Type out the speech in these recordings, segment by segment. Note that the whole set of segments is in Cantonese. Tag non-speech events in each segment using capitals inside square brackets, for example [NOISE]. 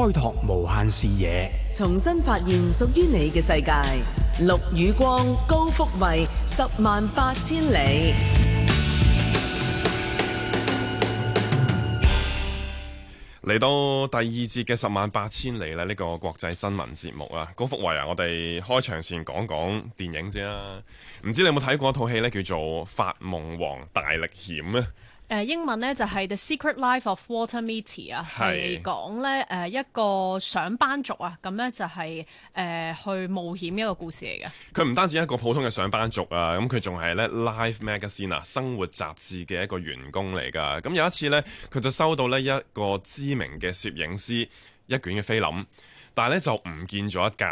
開拓無限視野，重新發現屬於你嘅世界。綠與光，高福慧，十萬八千里。嚟到第二節嘅十萬八千里啦！呢、呢個國際新聞節目啊，高福慧啊，我哋開場前講講電影先啦。唔知你有冇睇過一套戲呢，叫做《發夢王大歷險》咧。誒英文呢就係 The Secret Life of Walter Mitty 啊是，係講呢誒一個上班族啊，咁呢就係、是、誒去冒險一個故事嚟嘅。佢唔單止一個普通嘅上班族啊，咁佢仲係呢 Life Magazine 啊生活雜誌嘅一個員工嚟㗎。咁有一次呢，佢就收到呢一個知名嘅攝影師一卷嘅菲林，但係呢就唔見咗一格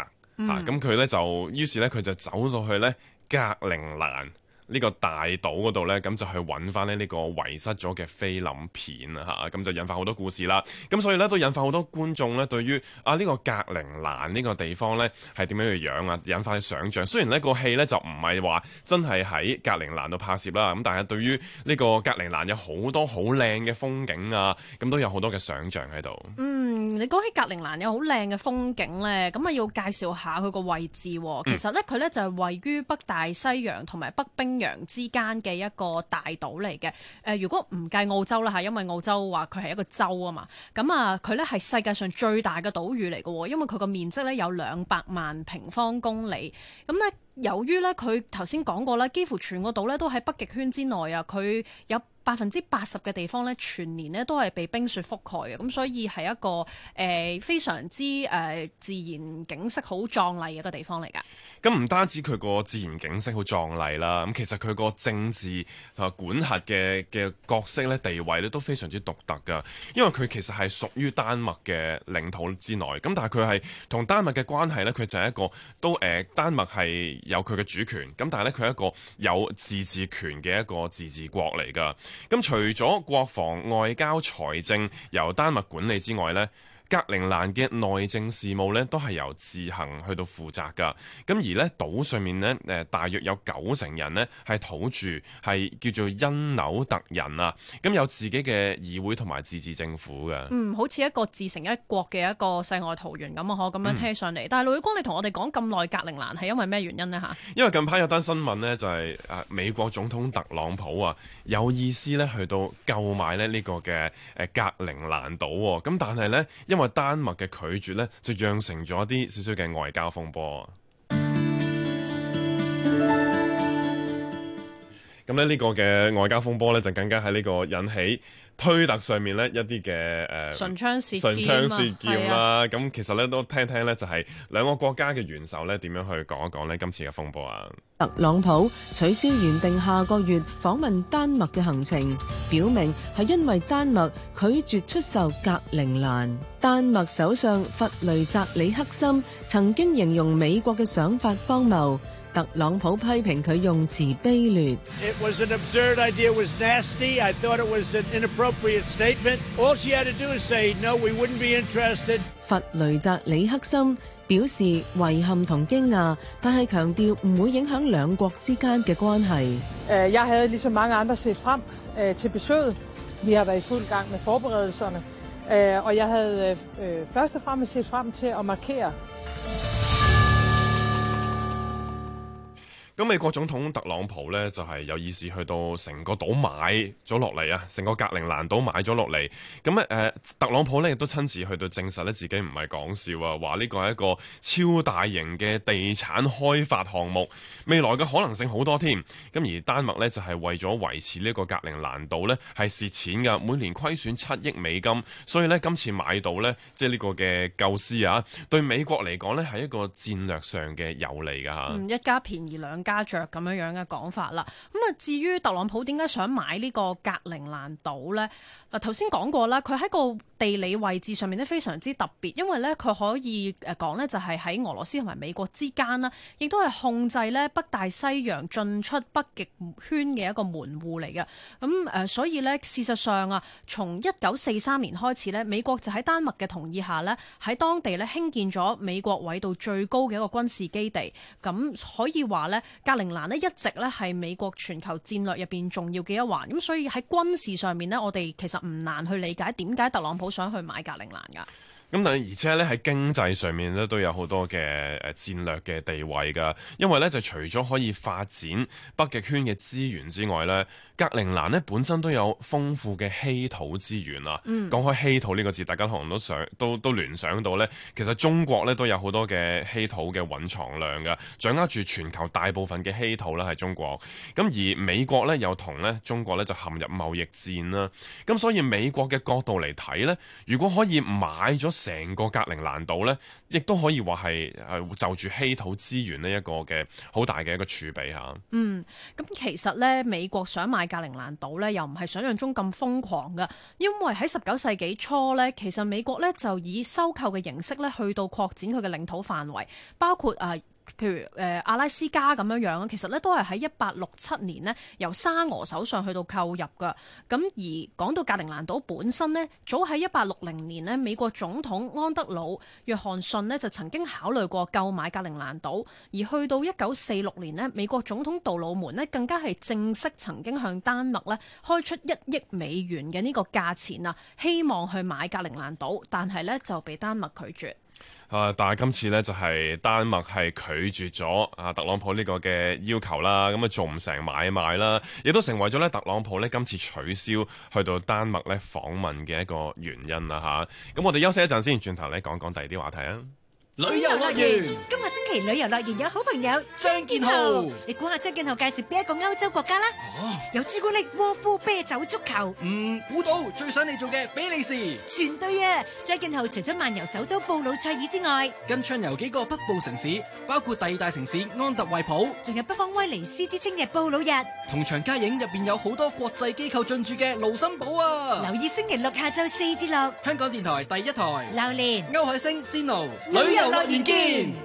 啊。咁佢呢就於是呢，佢就走咗去呢格陵蘭，呢個大島嗰度呢，咁就去揾翻咧呢個遺失咗嘅菲林片啊嚇，咁就引發好多故事啦。咁所以呢，都引發好多觀眾呢，對於啊呢、呢個格陵蘭呢個地方呢，係點樣嘅樣啊，引發想象。雖然呢、呢個戲呢，就唔係話真係喺格陵蘭度拍攝啦，咁但係對於呢個格陵蘭有好多好靚嘅風景啊，咁都有好多嘅想像喺度。嗯，你講起格陵蘭有好靚嘅風景呢，咁啊要介紹下佢個位置喎。其實呢，佢呢、嗯、就係位於北大西洋同埋北冰洋之間嘅一個大島嚟嘅，誒、呃，如果唔計澳洲啦吓，因為澳洲話佢係一個州啊嘛，咁、嗯、啊，佢咧係世界上最大嘅島嶼嚟嘅，因為佢個面積咧有兩百萬平方公里，咁、嗯、咧由於咧佢頭先講過啦，幾乎全個島咧都喺北極圈之內啊，佢有百分之八十嘅地方呢，全年呢都係被冰雪覆蓋嘅，咁所以係一個誒、呃、非常之誒、呃、自然景色好壯麗嘅一個地方嚟噶。咁唔單止佢個自然景色好壯麗啦，咁其實，佢個政治同埋管轄嘅嘅角色呢，地位呢都非常之獨特噶。因為，佢其實，係屬於丹麥嘅領土之內。咁但係佢係同丹麥嘅關係呢，佢就係一個都誒、呃、丹麥係有佢嘅主權，咁但係呢佢係一個有自治權嘅一個自治國嚟噶。咁除咗國防、外交、財政由丹麥管理之外呢。格陵蘭嘅內政事務呢，都係由自行去到負責噶。咁而呢島上面呢，誒、呃，大約有九成人呢係土著，係叫做因紐特人啊。咁有自己嘅議會同埋自治政府嘅。嗯，好似一個自成一國嘅一個世外桃源咁啊，我可咁樣聽上嚟。嗯、但係，盧宇光，你同我哋講咁耐格陵蘭係因為咩原因呢？吓，因為近排有單新聞呢，就係、是、誒美國總統特朗普啊，有意思呢去到購買呢呢個嘅誒格陵蘭島，啊。咁但係呢。因為丹麥嘅拒絕呢，就釀成咗啲少少嘅外交風波。 [MUSIC] 咁咧呢個嘅外交風波咧，就更加喺呢個引起推特上面咧一啲嘅誒唇槍舌劍啊！咁其實咧都聽聽咧，就係兩個國家嘅元首咧點樣去講一講咧今次嘅風波啊！特朗普取消原定下個月訪問丹麥嘅行程，表明係因為丹麥拒絕出售格陵蘭。丹麥首相弗雷澤里克森曾經形容美國嘅想法荒謬。特朗普批評佢用詞卑劣。It was an absurd idea. It was nasty. I thought it was an inappropriate statement. All she had to do is say, "No, we wouldn't be interested." 弗雷澤李克森表示遺憾同驚訝，但係強調唔會影響兩國之間嘅關係。我係有啲咁多其他人坐喺度，去參觀。我係喺度做準備嘅，我係喺度做準備嘅。咁美國總統特朗普咧就係、是、有意思去到成個島買咗落嚟啊，成個格陵蘭島買咗落嚟。咁咧、呃、特朗普咧亦都親自去到證實咧自己唔係講笑啊，話呢個係一個超大型嘅地產開發項目，未來嘅可能性好多添。咁而丹麥咧就係、是、為咗維持呢一個格陵蘭島咧係蝕錢㗎，每年虧損七億美金，所以咧今次買到咧即係呢、就是、個嘅構思啊，對美國嚟講咧係一個戰略上嘅有利㗎嚇、嗯。一家便宜兩。加著咁樣樣嘅講法啦，咁啊至於特朗普點解想買呢個格陵蘭島呢？嗱頭先講過啦，佢喺個地理位置上面呢非常之特別，因為呢，佢可以誒講呢，就係喺俄羅斯同埋美國之間啦，亦都係控制呢北大西洋進出北極圈嘅一個門戶嚟嘅。咁、嗯、誒所以呢，事實上啊，從一九四三年開始呢，美國就喺丹麥嘅同意下呢，喺當地呢，興建咗美國緯度最高嘅一個軍事基地。咁、嗯、可以話呢。格陵蘭咧一直咧係美國全球戰略入邊重要嘅一環，咁所以喺軍事上面咧，我哋其實唔難去理解點解特朗普想去買格陵蘭噶。咁但而且咧喺經濟上面咧都有好多嘅誒戰略嘅地位噶，因為咧就除咗可以發展北極圈嘅資源之外咧，格陵蘭咧本身都有豐富嘅稀土資源啊。嗯，講開稀土呢個字，大家可能都想都都聯想到咧，其實中國咧都有好多嘅稀土嘅蘊藏量噶，掌握住全球大部分嘅稀土咧係中國，咁而美國咧又同咧中國咧就陷入貿易戰啦。咁所以美國嘅角度嚟睇咧，如果可以買咗。成個格陵蘭島呢，亦都可以話係係就住稀土資源呢一個嘅好大嘅一個儲備嚇。嗯，咁其實呢，美國想買格陵蘭島呢，又唔係想像中咁瘋狂㗎，因為喺十九世紀初呢，其實美國呢就以收購嘅形式呢去到擴展佢嘅領土範圍，包括啊。呃譬如誒、呃、阿拉斯加咁樣樣，其實咧都係喺一八六七年咧由沙俄手上去到購入噶。咁而講到格陵蘭島本身呢，早喺一八六零年呢，美國總統安德魯約翰遜呢就曾經考慮過購買格陵蘭島。而去到一九四六年呢，美國總統杜魯門呢更加係正式曾經向丹麥呢開出一億美元嘅呢個價錢啊，希望去買格陵蘭島，但係呢就被丹麥拒絕。啊！但係今次呢，就係丹麥係拒絕咗啊特朗普呢個嘅要求啦，咁啊做唔成買賣啦，亦都成為咗咧特朗普呢今次取消去到丹麥咧訪問嘅一個原因啦吓。咁、啊、我哋休息一陣先，轉頭咧講講第二啲話題啊。旅遊樂園，今日星期旅遊樂園有好朋友張建豪，你估下張建豪介紹邊一個歐洲國家啦？哦，有朱古力、窩夫、啤酒、足球。嗯，估到最想你做嘅比利時。全對啊！張建豪除咗漫遊首都布魯塞爾之外，跟暢遊幾個北部城市，包括第二大城市安特衛普，仲有北方威尼斯之稱嘅布魯日。同場加影入邊有好多國際機構進駐嘅盧森堡啊！留意星期六下晝四至六，香港電台第一台。榴蓮、歐海星、仙奴旅遊。樂見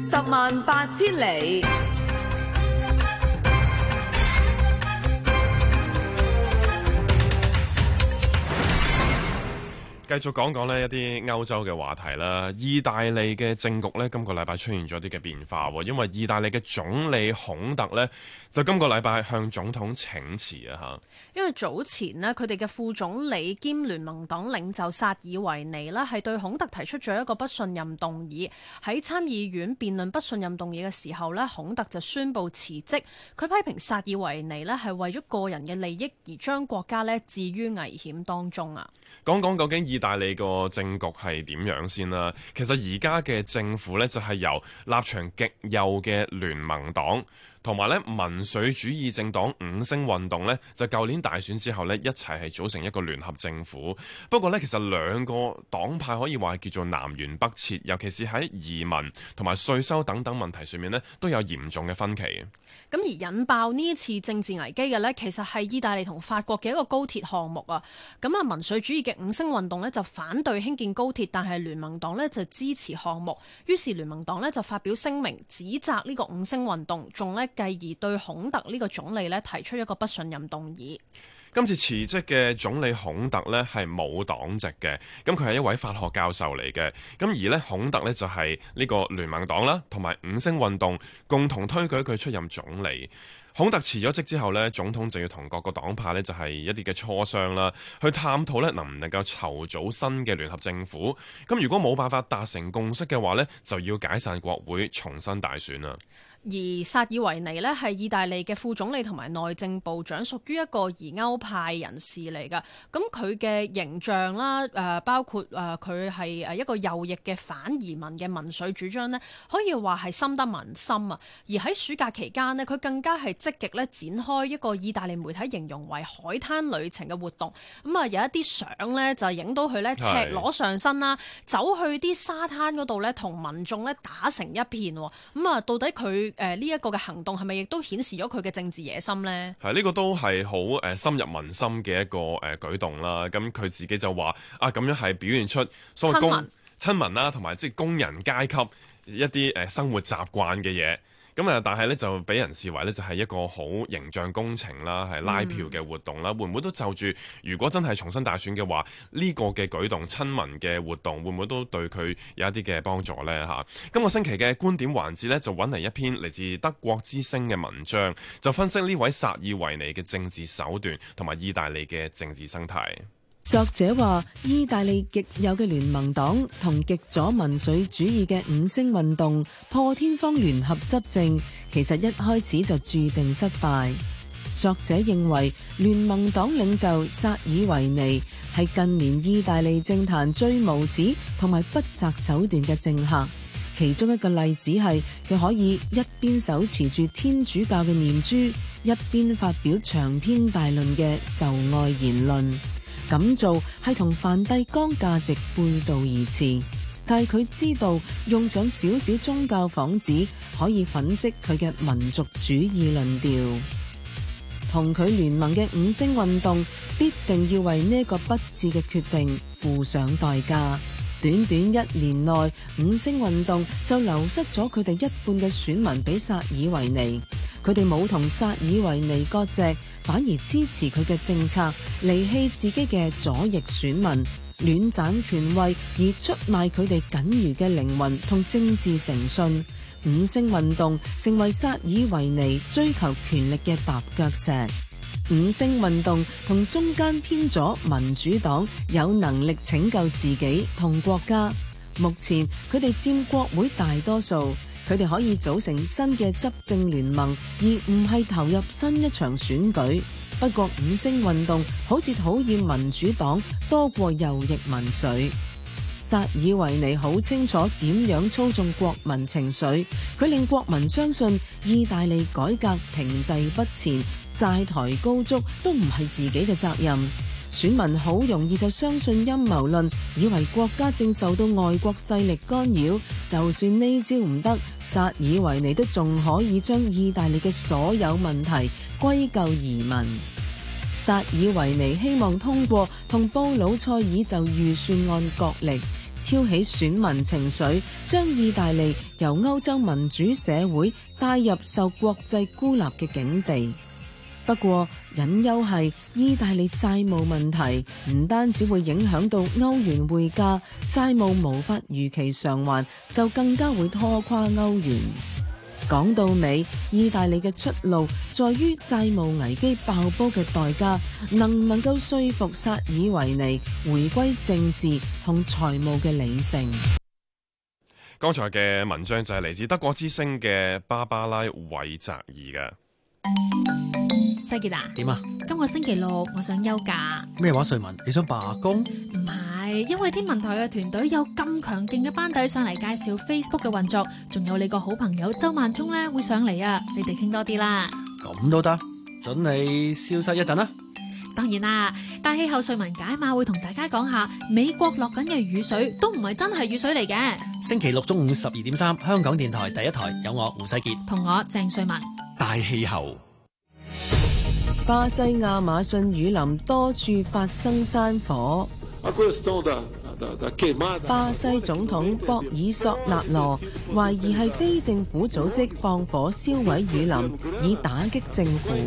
十萬八千里。繼續講講呢一啲歐洲嘅話題啦，意大利嘅政局呢，今個禮拜出現咗啲嘅變化喎，因為意大利嘅總理孔特呢，就今個禮拜向總統請辭啊嚇。因為早前呢，佢哋嘅副總理兼聯盟黨領袖薩爾維尼呢，係對孔特提出咗一個不信任動議。喺參議院辯論不信任動議嘅時候呢，孔特就宣布辭職。佢批評薩爾維尼呢，係為咗個人嘅利益而將國家呢置於危險當中啊。講講究竟大你個政局係點樣先啦？其實而家嘅政府呢，就係由立場極右嘅聯盟黨。同埋咧，民粹主義政黨五星運動呢，就舊年大選之後呢，一齊係組成一個聯合政府。不過呢，其實兩個黨派可以話叫做南轅北轍，尤其是喺移民同埋稅收等等問題上面呢，都有嚴重嘅分歧。咁而引爆呢一次政治危機嘅呢，其實係意大利同法國嘅一個高鐵項目啊。咁啊，民粹主義嘅五星運動呢，就反對興建高鐵，但係聯盟黨呢，就支持項目。於是聯盟黨呢，就發表聲明，指責呢個五星運動，仲咧。繼而對孔特呢個總理呢，提出一個不信任動議。今次辭職嘅總理孔特呢係冇黨籍嘅，咁佢係一位法學教授嚟嘅。咁而呢孔特呢，就係呢個聯盟黨啦，同埋五星運動共同推舉佢出任總理。孔特辭咗職之後呢，總統就要同各個黨派呢，就係一啲嘅磋商啦，去探討呢能唔能夠籌組新嘅聯合政府。咁如果冇辦法達成共識嘅話呢，就要解散國會，重新大選啦。而薩爾維尼咧係意大利嘅副總理同埋內政部長，屬於一個疑歐派人士嚟㗎。咁佢嘅形象啦，誒、呃、包括誒佢係誒一個右翼嘅反移民嘅民粹主張呢，可以話係深得民心啊。而喺暑假期間呢，佢更加係積極咧展開一個意大利媒體形容為「海灘旅程」嘅活動。咁、嗯、啊，有一啲相呢就係影到佢呢赤裸上身啦，是走去啲沙灘嗰度呢，同民眾呢打成一片。咁、嗯、啊，到底佢？誒呢一個嘅行動係咪亦都顯示咗佢嘅政治野心呢？係呢、啊呢個都係好誒深入民心嘅一個誒、呃、舉動啦。咁佢自己就話啊，咁樣係表現出所謂民工親民啦、啊，同埋即係工人階級一啲誒、呃、生活習慣嘅嘢。咁啊！但係咧就俾人視為咧就係、是、一個好形象工程啦，係拉票嘅活動啦。嗯、會唔會都就住？如果真係重新大選嘅話，呢、這個嘅舉動、親民嘅活動，會唔會都對佢有一啲嘅幫助呢？嚇！今個星期嘅觀點環節呢，就揾嚟一篇嚟自德國之聲嘅文章，就分析呢位薩爾維尼嘅政治手段同埋意大利嘅政治生態。作者話：意大利極右嘅聯盟黨同極左民粹主義嘅五星運動破天荒聯合執政，其實一開始就注定失敗。作者認為聯盟黨領袖薩爾維尼係近年意大利政壇最無恥同埋不擇手段嘅政客。其中一個例子係佢可以一邊手持住天主教嘅念珠，一邊發表長篇大論嘅仇外言論。咁做係同梵蒂岡價值背道而馳，但係佢知道用上少少宗教幌子，可以粉飾佢嘅民族主義論調。同佢聯盟嘅五星運動必定要為呢個不智嘅決定付上代價。短短一年內，五星運動就流失咗佢哋一半嘅選民俾薩爾維尼。佢哋冇同薩爾維尼割席，反而支持佢嘅政策，離棄自己嘅左翼選民，亂斬權威而出賣佢哋僅餘嘅靈魂同政治誠信。五星運動成為薩爾維尼追求權力嘅踏腳石。五星運動同中間偏左民主黨有能力拯救自己同國家。目前佢哋佔國會大多數。佢哋可以組成新嘅執政聯盟，而唔係投入新一場選舉。不過五星運動好似討厭民主黨多過右翼民粹。薩爾維尼好清楚點樣操縱國民情緒，佢令國民相信意大利改革停滯不前、債台高築都唔係自己嘅責任。選民好容易就相信陰謀論，以為國家正受到外國勢力干擾。就算呢招唔得，薩爾維尼都仲可以將意大利嘅所有問題歸咎移民。薩爾維尼希望通過同布魯塞爾就預算案角力，挑起選民情緒，將意大利由歐洲民主社會帶入受國際孤立嘅境地。不過，隱憂係意大利債務問題，唔單止會影響到歐元匯價，債務無法如期償還，就更加會拖垮歐元。講到尾，意大利嘅出路在於債務危機爆煲嘅代價，能唔能夠說服薩爾維尼回歸政治同財務嘅理性？剛才嘅文章就係嚟自德國之聲嘅芭芭拉韋澤爾㗎。世傑啊，點啊？今個星期六我想休假。咩話？瑞文，你想罷工？唔係，因為天文台嘅團隊有咁強勁嘅班底上嚟介紹 Facebook 嘅運作，仲有你個好朋友周萬聰咧會上嚟啊！你哋傾多啲啦。咁都得，准你消失一陣啦。當然啦，大氣候，瑞文解碼會同大家講下美國落緊嘅雨水都唔係真係雨水嚟嘅。星期六中午十二點三，香港電台第一台有我胡世傑同我鄭瑞文大氣候。巴西亞馬遜雨林多處發生山火。 [MUSIC] 巴西總統博爾索納羅懷疑係非政府組織放火燒毀雨林，以打擊政府。 [MUSIC]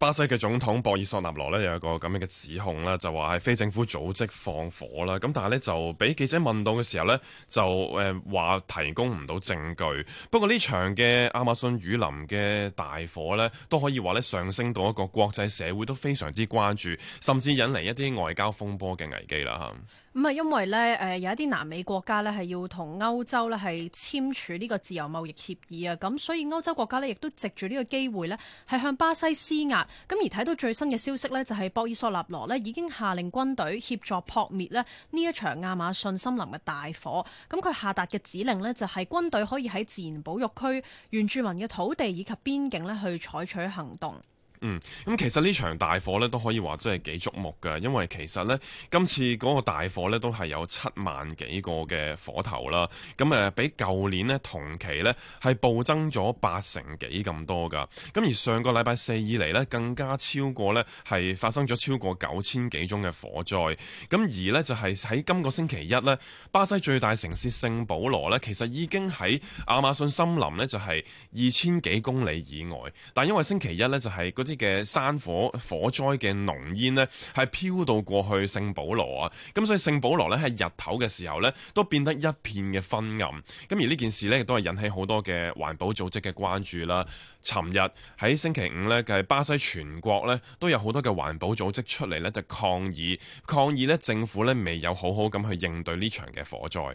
巴西嘅總統博爾索納羅咧有一個咁樣嘅指控啦，就話係非政府組織放火啦，咁但係咧就俾記者問到嘅時候咧，就誒話提供唔到證據。不過呢場嘅亞馬遜雨林嘅大火咧，都可以話咧上升到一個國際社會都非常之關注，甚至引嚟一啲外交風波嘅危機啦嚇。唔係因為咧，誒有一啲南美國家咧係要同歐洲咧係簽署呢個自由貿易協議啊，咁所以歐洲國家咧亦都藉住呢個機會咧係向巴西施壓。咁而睇到最新嘅消息咧，就係博爾索納羅咧已經下令軍隊協助撲滅咧呢一場亞馬遜森林嘅大火。咁佢下達嘅指令咧就係軍隊可以喺自然保育區、原住民嘅土地以及邊境咧去採取行動。嗯，咁、嗯、其實呢場大火咧都可以話真係幾觸目嘅，因為其實咧今次嗰個大火咧都係有七萬幾個嘅火頭啦，咁、嗯、誒比舊年咧同期咧係暴增咗八成幾咁多噶，咁、嗯、而上個禮拜四以嚟咧更加超過咧係發生咗超過九千幾宗嘅火災，咁、嗯、而咧就係喺今個星期一咧，巴西最大城市聖保羅咧其實已經喺亞馬遜森林咧就係二千幾公里以外，但因為星期一咧就係嗰。啲嘅山火火災嘅濃煙呢係飄到過去聖保羅啊，咁所以聖保羅呢喺日頭嘅時候呢都變得一片嘅昏暗。咁而呢件事呢亦都係引起好多嘅環保組織嘅關注啦。尋日喺星期五呢嘅巴西全國呢都有好多嘅環保組織出嚟呢就抗議，抗議呢政府呢未有好好咁去應對呢場嘅火災。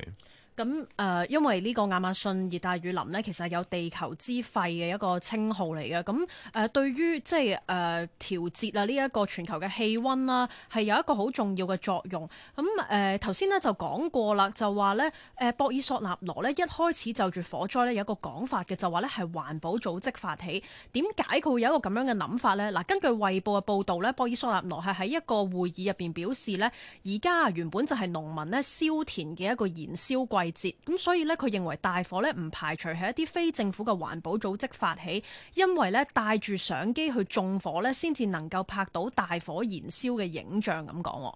咁誒、嗯，因為呢個亞馬遜熱帶雨林咧，其實係有地球之肺嘅一個稱號嚟嘅。咁、嗯、誒，對於，即係誒、呃、調節啊，呢一個全球嘅氣溫啦，係有一個好重要嘅作用。咁誒頭先咧就講過啦，就話咧誒博爾索納羅咧一開始就住火災咧有一個講法嘅，就話咧係環保組織發起。點解佢會有一個咁樣嘅諗法咧？嗱，根據衛報嘅報道咧，博爾索納羅係喺一個會議入邊表示咧，而家原本就係農民咧燒田嘅一個燃燒季。咁，所以呢，佢認為大火呢，唔排除係一啲非政府嘅環保組織發起，因為呢帶住相機去縱火呢，先至能夠拍到大火燃燒嘅影像咁講。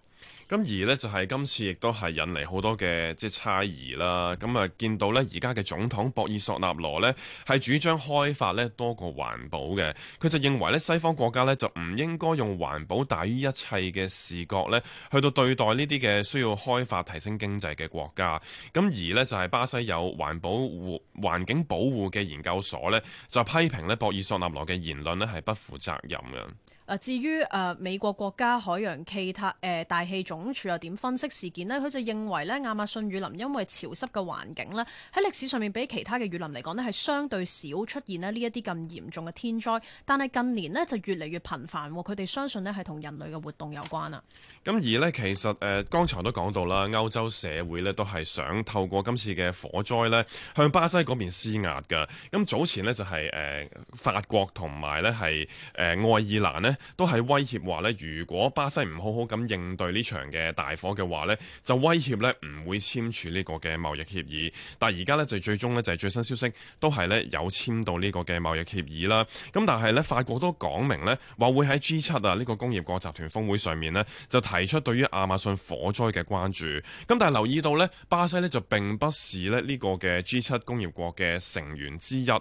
咁而呢，就係、是、今次亦都係引嚟好多嘅，即係猜疑啦。咁、嗯、啊見到呢而家嘅總統博爾索納羅呢，係主張開發呢多過環保嘅，佢就認為呢，西方國家呢，就唔應該用環保大於一切嘅視角呢，去到對待呢啲嘅需要開發提升經濟嘅國家。咁、嗯、而呢，就係、是、巴西有環保護環境保護嘅研究所呢，就批評呢博爾索納羅嘅言論呢，係不負責任嘅。啊，至於誒美國國家海洋氣態誒大氣總署又點分析事件咧？佢就認為咧，亞馬遜雨林因為潮濕嘅環境咧，喺歷史上面比其他嘅雨林嚟講咧係相對少出現咧呢一啲咁嚴重嘅天災，但係近年咧就越嚟越頻繁喎。佢哋相信咧係同人類嘅活動有關啊。咁而咧其實誒剛才都講到啦，歐洲社會咧都係想透過今次嘅火災咧向巴西嗰邊施壓嘅。咁早前呢，就係誒法國同埋咧係誒愛爾蘭咧。都係威脅話呢，如果巴西唔好好咁應對呢場嘅大火嘅話呢，就威脅呢唔會簽署呢個嘅貿易協議。但係而家呢，就最終呢，就係、是、最新消息都係呢有簽到呢個嘅貿易協議啦。咁但係呢，法國都講明呢，話會喺 G 七啊呢個工業國集團峰會上面呢，就提出對於亞馬遜火災嘅關注。咁但係留意到呢，巴西呢，就並不是呢呢個嘅 G 七工業國嘅成員之一啊。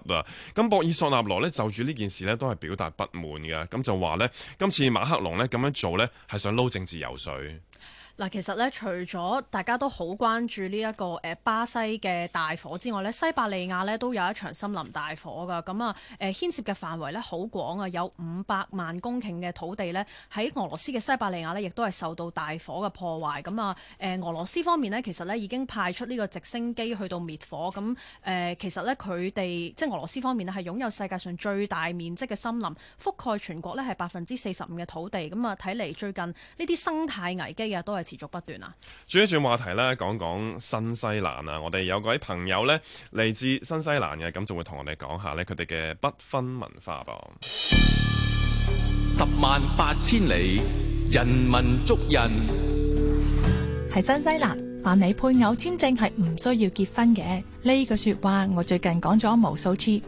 咁博爾索納羅呢，就住呢件事呢，都係表達不滿嘅，咁就話呢。今次馬克龍呢，咁樣做呢，係想撈政治游水。嗱，其實咧，除咗大家都好關注呢、這、一個誒、呃、巴西嘅大火之外咧，西伯利亞咧都有一場森林大火㗎。咁啊，誒、呃、牽涉嘅範圍咧好廣啊，有五百萬公頃嘅土地咧喺俄羅斯嘅西伯利亞咧，亦都係受到大火嘅破壞。咁啊，誒、呃、俄羅斯方面呢，其實呢已經派出呢個直升機去到滅火。咁誒，其實呢，佢哋即係俄羅斯方面咧係擁有世界上最大面積嘅森林，覆蓋全國呢係百分之四十五嘅土地。咁啊，睇嚟最近呢啲生態危機嘅、啊、都係。持續不斷啊！轉一轉話題啦，講講新西蘭啊！我哋有位朋友呢，嚟自新西蘭嘅，咁就會同我哋講下呢，佢哋嘅不婚文化噃。十萬八千里，人文足印係新西蘭辦理配偶簽證係唔需要結婚嘅。呢句說話我最近講咗無數次。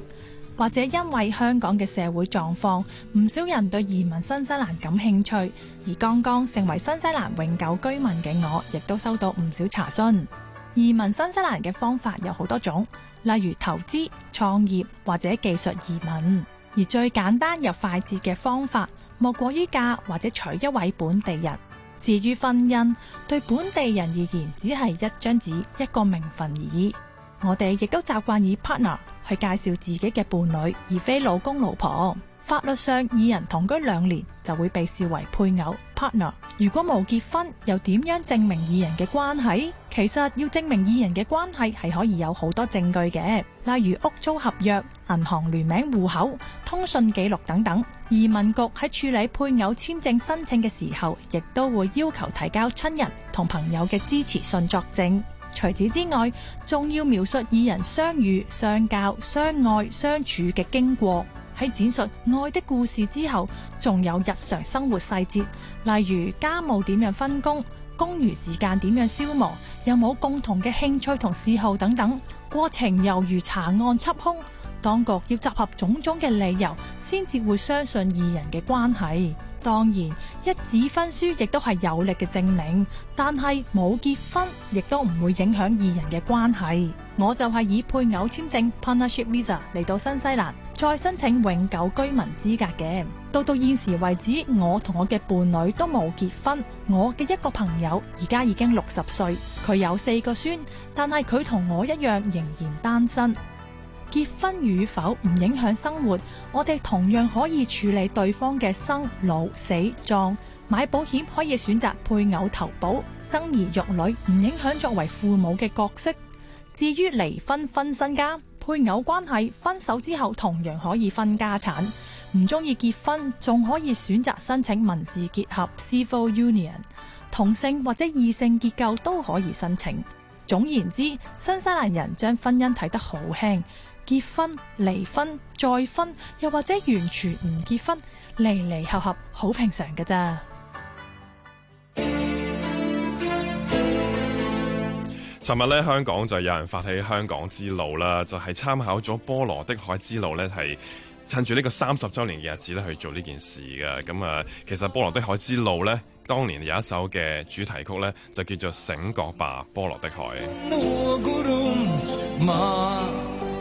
或者因為香港嘅社會狀況，唔少人對移民新西蘭感興趣。而剛剛成為新西蘭永久居民嘅我，亦都收到唔少查詢。移民新西蘭嘅方法有好多種，例如投資、創業或者技術移民。而最簡單又快捷嘅方法，莫過於嫁或者娶一位本地人。至於婚姻，對本地人而言只，只係一張紙，一個名份而已。我哋亦都習慣以 partner 去介紹自己嘅伴侶，而非老公老婆。法律上二人同居兩年就會被視為配偶 partner。如果冇結婚，又點樣證明二人嘅關係？其實要證明二人嘅關係係可以有好多證據嘅，例如屋租合約、銀行聯名戶口、通訊記錄等等。移民局喺處理配偶簽證申請嘅時候，亦都會要求提交親人同朋友嘅支持信作證。除此之外，仲要描述二人相遇、相交、相愛、相處嘅經過。喺展述愛的故事之後，仲有日常生活細節，例如家務點樣分工、工餘時間點樣消磨，有冇共同嘅興趣同嗜好等等。過程猶如查案緝兇，當局要集合種種嘅理由，先至會相信二人嘅關係。當然，一紙婚書亦都係有力嘅證明，但係冇結婚亦都唔會影響二人嘅關係。我就係以配偶簽證 （partnership visa） 嚟到新西蘭，再申請永久居民資格嘅。到到現時為止，我同我嘅伴侶都冇結婚。我嘅一個朋友而家已經六十歲，佢有四個孫，但係佢同我一樣仍然單身。結婚與否唔影響生活，我哋同樣可以處理對方嘅生、老、死、葬。買保險可以選擇配偶投保，生兒育女唔影響作為父母嘅角色。至於離婚分身家，配偶關係分手之後同樣可以分家產。唔中意結婚仲，可以選擇申請民事結合 Civil Union，同性或者異性結構都可以申請。總言之，新西蘭人將婚姻睇得好輕。結婚、離婚、再婚，又或者完全唔結婚，離離合合，好平常嘅咋。尋日咧，香港就有人發起《香港之路》啦，就係、是、參考咗《波羅的海之路》呢，係趁住呢個三十周年嘅日子咧去做呢件事嘅。咁啊，其實《波羅的海之路》呢，當年有一首嘅主題曲呢，就叫做《醒覺吧，波羅的海》。嗯嗯嗯嗯嗯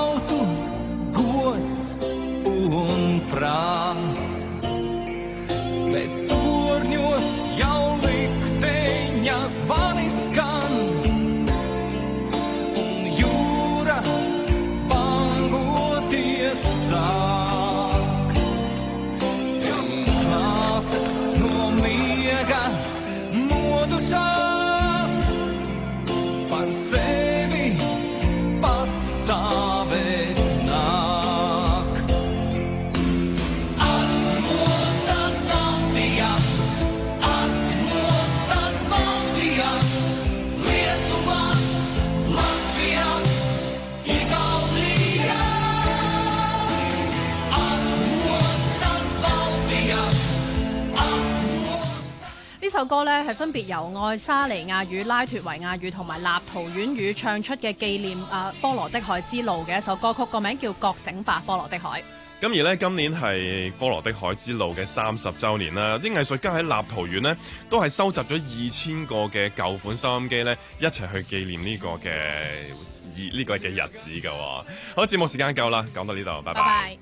首歌咧係分別由愛沙尼亞語、拉脫維亞語同埋立陶宛語唱出嘅紀念啊波羅的海之路嘅一首歌曲，個名叫覺醒吧波羅的海。咁而呢，今年係波羅的海之路嘅三十周年啦，啲藝術家喺立陶宛呢，都係收集咗二千個嘅舊款收音機呢，一齊去紀念呢個嘅二呢個嘅日子噶、哦。好，節目時間夠啦，講到呢度，拜拜。